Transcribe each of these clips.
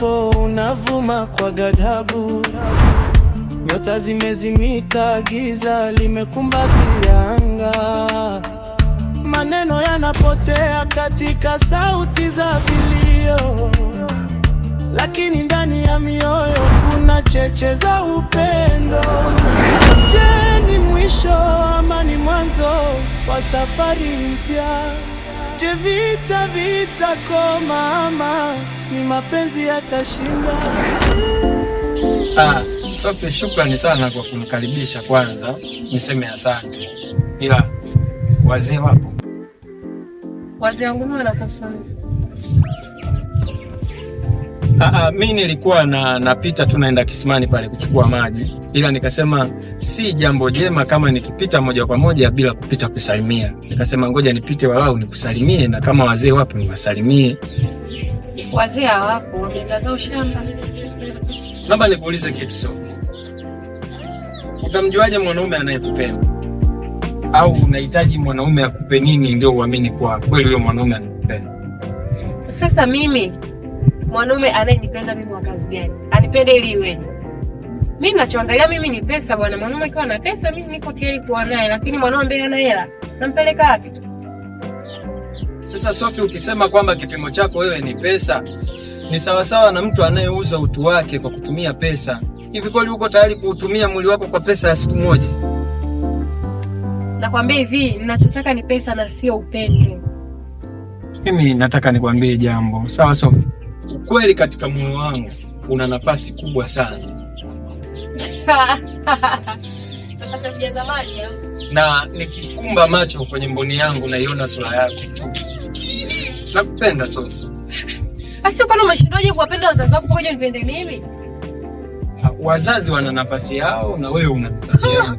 upepo unavuma kwa ghadhabu, nyota zimezimika, giza limekumbatia anga, maneno yanapotea katika sauti za vilio, lakini ndani ya mioyo kuna cheche za upendo. Je, ni mwisho ama ni mwanzo wa safari mpya? Je vita vita ko mama, ni mapenzi yatashinda. Ah, Sophie, shukrani sana kwa kumkaribisha. Kwanza niseme asante, ila wazee wapo, wazee wangu wanapaswa Aa, ah, mi nilikuwa na napita tu naenda kisimani pale kuchukua maji, ila nikasema si jambo jema kama nikipita moja kwa moja bila kupita kusalimia. Nikasema ngoja nipite walau nikusalimie, na kama wazee wapo niwasalimie. Wazee hawapo, nitazaa ushamba. Naomba nikuulize kitu Sofi, utamjuaje mwanaume anayekupenda? Au unahitaji mwanaume akupe nini ndio uamini kwa kweli huyo mwanaume anakupenda? Sasa mimi mwanaume anayenipenda mimi wa kazi gani? Anipende ili iweje? Mimi nachoangalia mimi ni pesa bwana. Mwanaume akiwa na pesa mimi niko tayari kuwa naye, lakini mwanaume ambaye hana hela nampeleka wapi? Sasa Sophie, ukisema kwamba kipimo chako wewe ni pesa, ni sawasawa na mtu anayeuza utu wake kwa kutumia pesa. Hivi kweli uko tayari kuutumia mwili wako kwa pesa ya siku moja? Nakwambia hivi, ninachotaka ni pesa na sio upendo. Mimi nataka nikwambie jambo, sawa Sophie? ukweli katika moyo wangu una nafasi kubwa sana na nikifumba macho kwenye mboni yangu naiona sura yako tu. Nakupenda sote. kuwapenda Wazazi wako mimi wazazi wana nafasi yao na wewe una nafasi yao.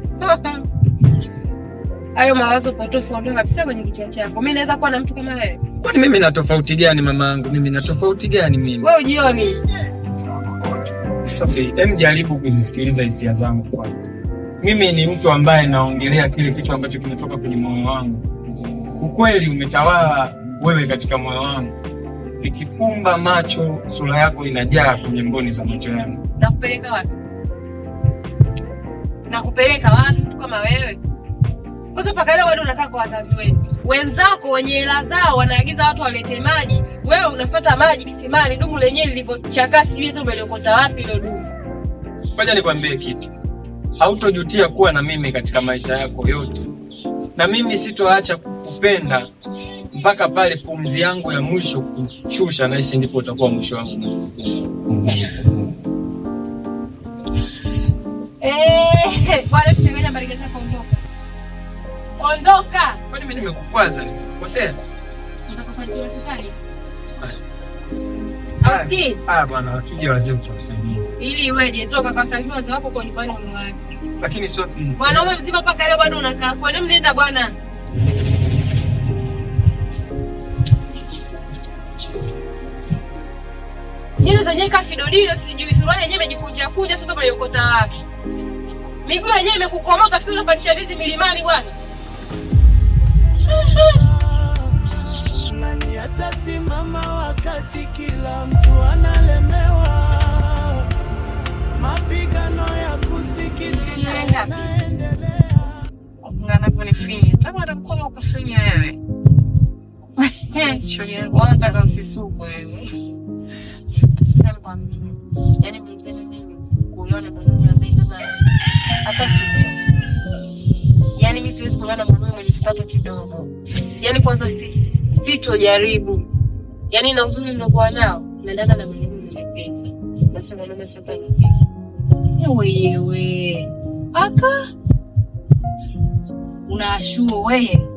Hayo mawazo potofu ondoa kabisa kwenye kichwa chako. Mimi naweza kuwa na mtu kama wewe? Kwani mimi na tofauti gani yangu? Mimi na tofauti gani mimi? Wewe ujioni. Sasa hebu jaribu kuzisikiliza hisia zangu kwa. Mimi ni mtu ambaye naongelea kile kitu ambacho kinatoka kwenye moyo wangu. Ukweli umetawala wewe katika moyo wangu. Nikifumba macho, sura yako inajaa kwenye mboni za macho yangu. Nakupeleka wapi? Nakupeleka wapi mtu kama wewe? Kwanza paka leo wewe unakaa kwa wazazi wenu. Wenzako wenye hela zao wanaagiza watu walete maji, wewe unafuata maji kisimani, dumu lenyewe lilivyochakaa sijui hata umeliokota wapi ile dumu. Fanya nikwambie kitu. Hautojutia kuwa na mimi katika maisha yako yote. Na mimi sitoacha kukupenda mpaka pale pumzi yangu ya mwisho kushusha, na hisi ndipo utakuwa mwisho wangu. Eh, wale kuchanganya baraka zako ndio. Ondoka. Kwani mimi nimekukwaza? Nimekukosea? Ausikii? Ah bwana, wakija wazee utawasaidie. Ili iweje? Toka kwa sababu wazee wako kwa nyumbani wamewahi. Lakini Sophie, mwanaume mzima mpaka leo bado unakaa kwa nini? Nenda bwana. Nywele zenyewe kafidodilo sijui, suruali yenyewe imejikunja kunja, sio kama yokota wapi. Miguu yenyewe imekukomaa, utafikiri unapandisha ndizi milimani bwana. Nani atasimama wakati kila mtu analemewa? Mapigano ya kusikitisha yanaendelea mimi siwezi kulala na mwanaume mwenye kipato kidogo. Yaani kwanza si sitojaribu. Yaani na uzuri niliokuwa nao naendana na mwanaume mwenye pesa. Na sio mwanaume sio kwa pesa. Yewe yewe. Aka unaashua wewe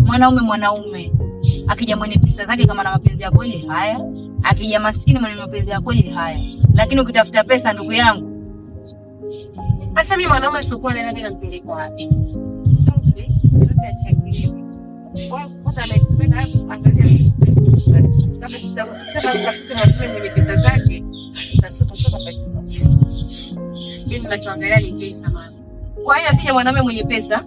mwanaume mwanaume akija mwenye pesa zake kama na mapenzi ya kweli haya, akija maskini mwenye mapenzi ya kweli haya. Lakini ukitafuta pesa, ndugu yangu, Hasa mimi mwanaume sikuwa na bila mpeleko wapi? mwenye pesa zake Kwa hiyo akija mwanaume mwenye pesa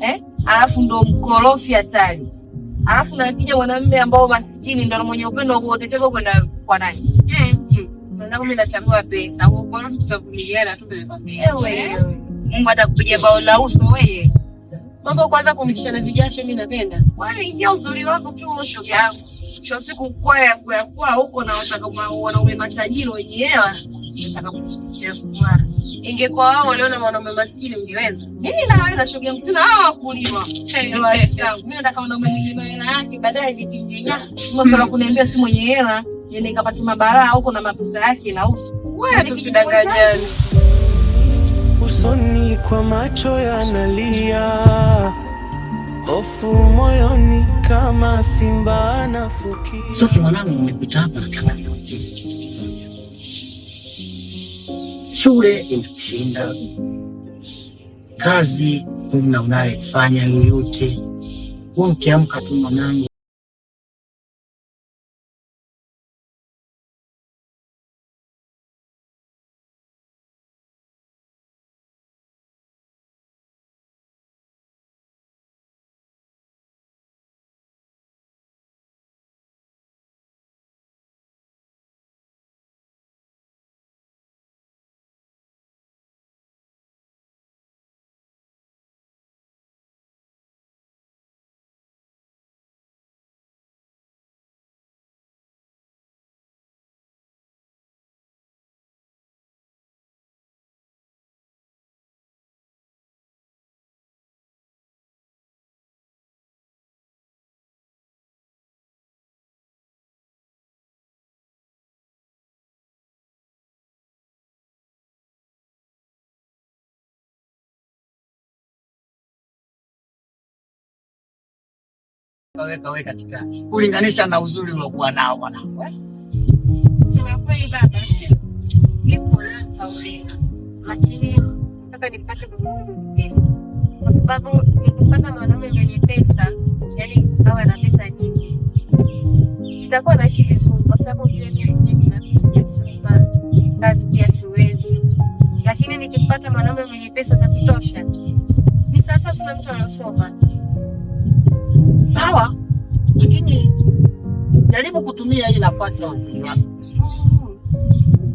eh, alafu ndo mkorofi hatari, alafu na nakija mwanaume ambao maskini ndo mwenye upendo kuotecheka kwenda kwa nani? Eh, Mimi nachagua pesa, Mungu atakupiga bao la uso wewe. Mambo kwanza kunikishana vijasho mimi napenda. Wewe ingia uzuri wako tu mwisho yangu. Sio siku kwa ya kwa kwa huko na wataka wanaume matajiri wenye hela. Nataka kusikia kumara. Ingekuwa wao waliona mwanaume maskini ungeweza. Mimi naweza shughuli yangu sina hao wakulima. Mimi nataka mwanaume mwenye hela yake baadaye jipinge nyasi. Mbona sana hmm. kuniambia si mwenye hela? Yeye kapata mabalaa huko na mapesa yake na uso. Wewe yaani tusidanganyane. Usoni kwa macho yanalia Hofu moyoni kama simba Sofi mwanangu, nimekuja hapa nataka kitu Shule inakushinda, kazi una unayoifanya yoyote, wewe ukiamka tu mwanangu kaweka weka katika kulinganisha na uzuri uliokuwa nao bwana. Sema kweli baba, nipo hapa ulima, lakini nataka nipate pesa, kwa sababu nikipata mwanaume mwenye pesa, yani awe na pesa nyingi, nitakuwa naishi vizuri, kwa sababu yule mimi binafsi sijasoma, kazi pia siwezi, lakini nikipata mwanaume mwenye pesa za kutosha, ni sasa kuna mtu anasoma sawa, lakini jaribu kutumia hii nafasi ya uzuri wako vizuri,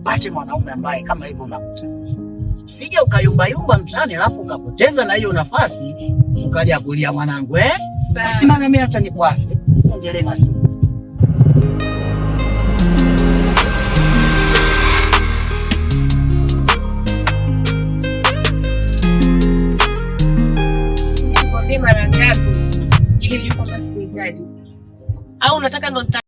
pate mwanaume ambaye kama hivyo unakuta, usije ukayumbayumba mtaani alafu ukapoteza na hiyo nafasi ukaja kulia mwanangu, eh? Simame mimi acha nikwache, endelea. Ah, una chaca en montaña.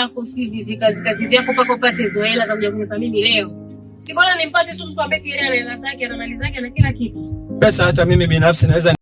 yako si vivi kazi vyako mpaka upate hizo hela za kuja kunipa mimi leo. Si bora nimpate tu mtu ambaye tayari ana hela zake, ana mali zake na kila kitu. Pesa hata mimi binafsi naweza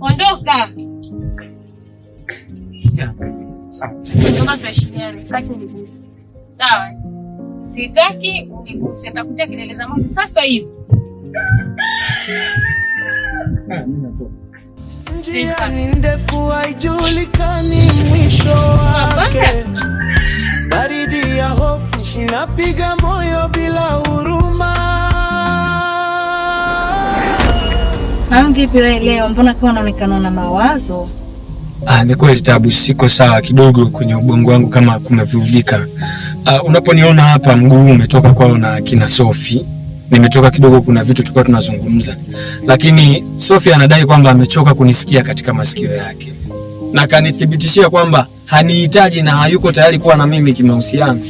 Ondoka. Sawa, sitaki uniguse, nitakutia kelele za sasa hivi. Ah, Njia ni ndefu, haijulikani mwisho wake. Baridi ya hofu inapiga moyo bila huruma Au vipi wewe leo, mbona kama unaonekana na mawazo? Ah, ni kweli Tabu, siko sawa kidogo kwenye ubongo wangu kama kumevurugika. Ah, unaponiona hapa mguu umetoka kwao na kina Sofi, nimetoka kidogo, kuna vitu tulikuwa tunazungumza, lakini Sofi anadai kwamba amechoka kunisikia katika masikio yake na kanithibitishia kwamba hanihitaji na hayuko tayari kuwa na mimi kimahusiano.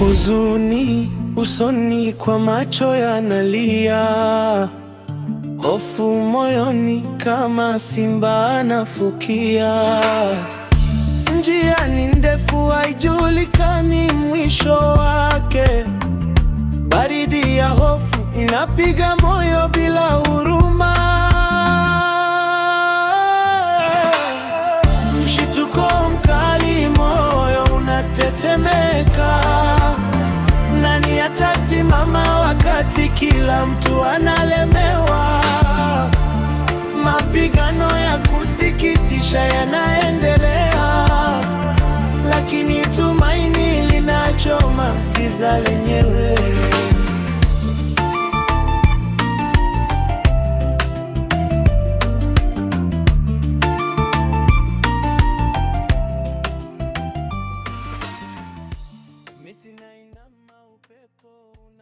huzuni usoni, kwa macho yanalia, hofu moyoni, kama simba anafukia. Njia ni ndefu, haijulikani mwisho wake, baridi ya hofu inapiga moyo bila huruma. kila mtu analemewa. Mapigano ya kusikitisha yanaendelea, lakini tumaini linachoma giza lenyewe.